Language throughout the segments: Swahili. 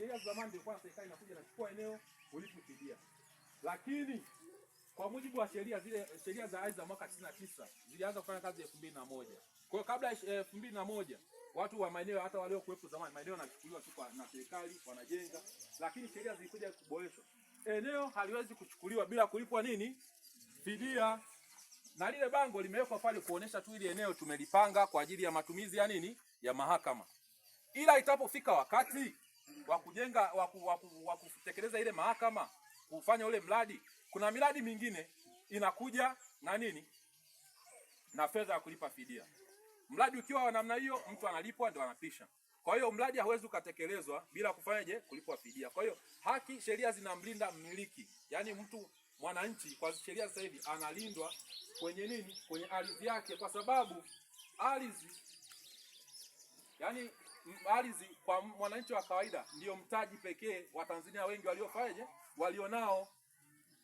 Sheria za zamani ndio kwanza serikali inakuja inachukua eneo ulipofidia. Lakini kwa mujibu wa sheria zile sheria za ardhi za mwaka 99 zilianza kufanya kazi 2001. Kwa hiyo kabla ya 2001 watu wa maeneo hata walio kuwepo zamani maeneo yanachukuliwa tu na serikali wanajenga, lakini sheria zilikuja kuboreshwa. Eneo haliwezi kuchukuliwa bila kulipwa nini? Fidia. Na lile bango limewekwa pale kuonesha tu ile eneo tumelipanga kwa ajili ya matumizi ya nini? Ya mahakama. Ila itapofika wakati wa kujenga wa kutekeleza ile mahakama kufanya ule mradi. Kuna miradi mingine inakuja na nini na fedha ya kulipa fidia. Mradi ukiwa wa namna hiyo, mtu analipwa ndio anapisha. Kwa hiyo mradi hauwezi ukatekelezwa bila kufanyaje? Kulipwa fidia. Kwa hiyo haki, sheria zinamlinda mmiliki, yaani mtu mwananchi kwa sheria sasa hivi analindwa kwenye nini? Kwenye ardhi yake, kwa sababu ardhi yani ardhi kwa mwananchi wa kawaida ndio mtaji pekee wa Tanzania wengi waliofanyaje walionao,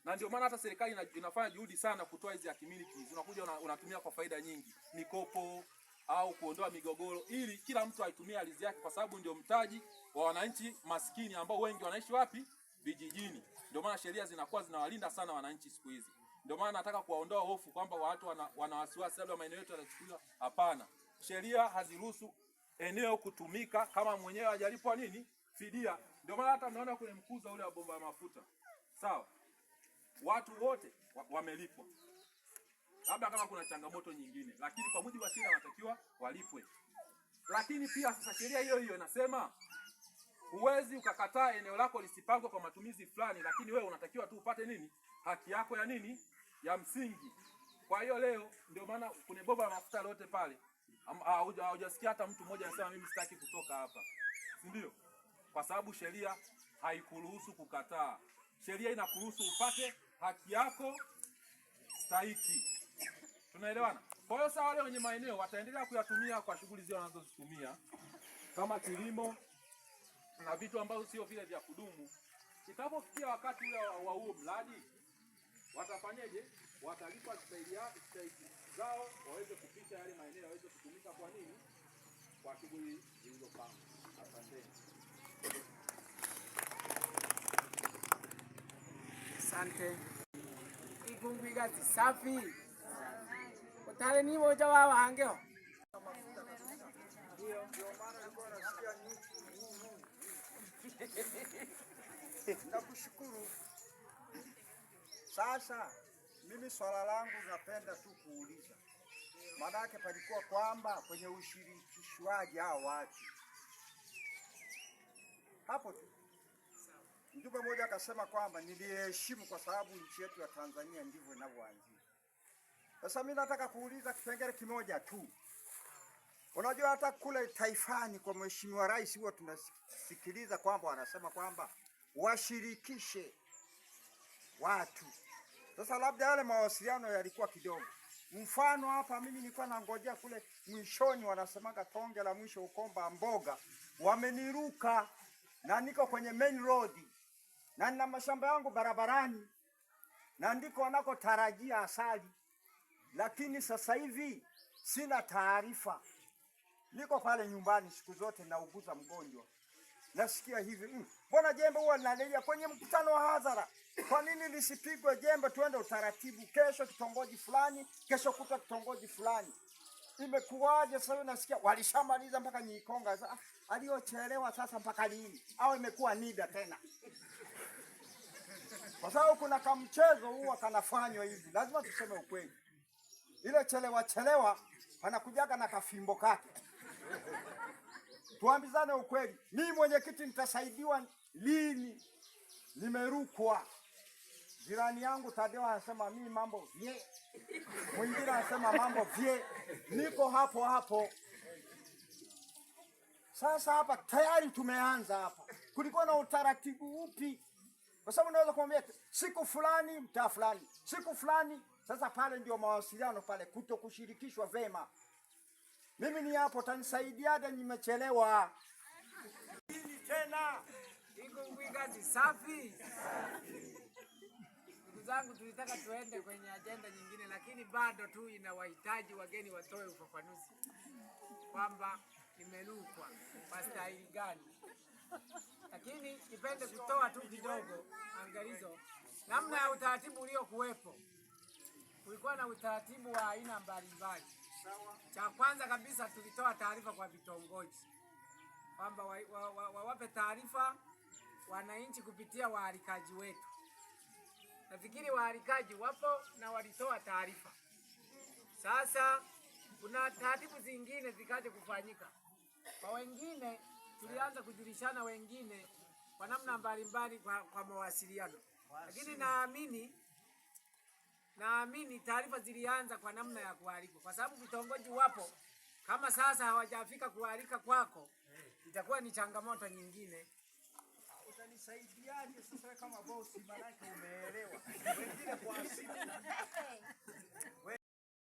na ndio maana hata serikali inafanya juhudi sana kutoa hizi hakimiliki hizi, unakuja unatumia kwa faida nyingi, mikopo au kuondoa migogoro, ili kila mtu aitumie ardhi yake, kwa sababu ndio mtaji wa wananchi maskini ambao wengi wanaishi wapi? Vijijini. Ndio maana sheria zinakuwa zinawalinda sana wananchi siku hizi. Ndio maana nataka kuwaondoa hofu kwamba watu wana, wana wasiwasi labda maeneo yetu yatachukuliwa. Hapana, sheria haziruhusu eneo kutumika kama mwenyewe hajalipwa nini fidia. Ndio maana hata mnaona kwenye mkuza ule wa bomba ya mafuta sawa, watu wote wamelipwa, labda kama kuna changamoto nyingine, lakini kwa mujibu wa sheria wanatakiwa walipwe. Lakini pia sasa sheria hiyo hiyo inasema huwezi ukakataa eneo lako lisipangwe kwa matumizi fulani, lakini wewe unatakiwa tu upate nini haki yako ya nini ya msingi. Kwa hiyo leo ndio maana kwenye bomba la mafuta lote pale Ah, haujasikia hata mtu mmoja anasema mimi sitaki kutoka hapa, si ndio? Kwa sababu sheria haikuruhusu kukataa. Sheria inakuruhusu upate haki yako stahiki. Tunaelewana? Kwa hiyo sawa, wale wenye maeneo wataendelea kuyatumia kwa shughuli zao wanazozitumia kama kilimo na vitu ambavyo sio vile vya kudumu. itapofikia wakati ule wa huo mradi, watafanyeje? Watalipa stahiki yao stahiki waweze kupita yale maeneo yaweze kutumika kwa nini, kwa shughuli zilizopangwa. Asanteni. Asante. Igumbi gazi safi utale ni moja wa hangeho Nakushukuru. Sasa mimi swala langu napenda tu kuuliza maana yake palikuwa kwamba kwenye ushirikishwaji hao watu hapo tu. Mjumbe mmoja akasema kwamba niliheshimu kwa sababu nchi yetu ya Tanzania ndivyo inavyoanzia. Sasa mimi nataka kuuliza kipengele kimoja tu. Unajua hata kule taifani kwa Mheshimiwa Rais huwa tunasikiliza kwamba wanasema kwamba washirikishe watu. Sasa labda yale mawasiliano yalikuwa kidogo Mfano hapa mimi nilikuwa nangojea kule mwishoni, wanasemaga tonge la mwisho Ukomba Mboga, wameniruka na niko kwenye main road na nina mashamba yangu barabarani na ndiko wanakotarajia asali, lakini sasa hivi sina taarifa. Niko pale nyumbani siku zote nauguza mgonjwa nasikia hivi mm. jembe huwa linalia kwenye mkutano wa hadhara? Kwa nini lisipigwe jembe? Tuende utaratibu, kesho kitongoji fulani, kesho kuta kitongoji fulani. Imekuwaje sasa? Nasikia walishamaliza mpaka Nyikonga. Sasa ah, sasa mpaka lini? Au imekuwa nida tena? Kwa sababu kuna kamchezo huwa kanafanywa hivi, lazima tuseme ukweli. Ile chelewa chelewa panakujaga na kafimbo kake tuambizane ukweli. Mimi mwenyekiti, nitasaidiwa lini? Nimerukwa. Jirani yangu Tadeo anasema mimi mambo vye, mwingine anasema mambo vye, niko hapo hapo. Sasa hapa tayari tumeanza hapa, kulikuwa na utaratibu upi? Kwa sababu naweza kumwambia siku fulani mtaa fulani, siku fulani. Sasa pale ndio mawasiliano pale, kuto kushirikishwa vema. Mimi ni hapo tanisaidiada, nimechelewa ini tena iko ni safi. Ndugu zangu, tulitaka tuende kwenye ajenda nyingine, lakini bado tu inawahitaji wageni watoe ufafanuzi kwamba imelukwa kwa staili gani, lakini nipende kutoa tu kidogo angalizo, namna ya utaratibu uliokuwepo. Kulikuwa na utaratibu wa aina mbalimbali cha kwanza kabisa tulitoa taarifa kwa vitongoji kwamba wawape wa, wa, wa taarifa wananchi kupitia waalikaji wetu. Nafikiri waalikaji wapo na walitoa taarifa. Sasa kuna taratibu zingine zikaje kufanyika kwa wengine, tulianza kujulishana wengine kwa namna mbalimbali kwa, kwa mawasiliano, lakini naamini naamini taarifa zilianza kwa namna ya kualikwa, kwa sababu vitongoji wapo. Kama sasa hawajafika kualika kwako, itakuwa ni changamoto nyingine. Utanisaidiaje sasa kama bosi? Maana umeelewa wengine kwa asili